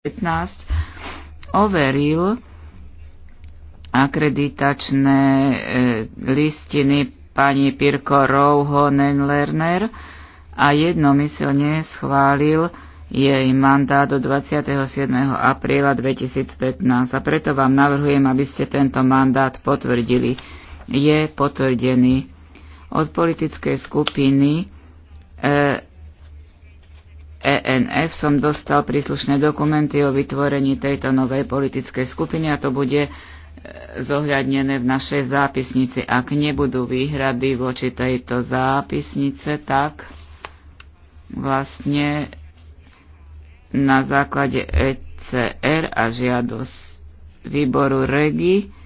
15 overil akreditačné e, listiny pani Pirko Rouhonen Lerner a jednomyselne schválil jej mandát do 27. apríla 2015. A preto vám navrhujem, aby ste tento mandát potvrdili. Je potvrdený. Od politickej skupiny e, ENF som dostal príslušné dokumenty o vytvorení tejto novej politickej skupiny a to bude e, zohľadnené v našej zápisnici. Ak nebudú výhrady voči tejto zápisnice, tak vlastne na základe ECR a žiadosť výboru REGI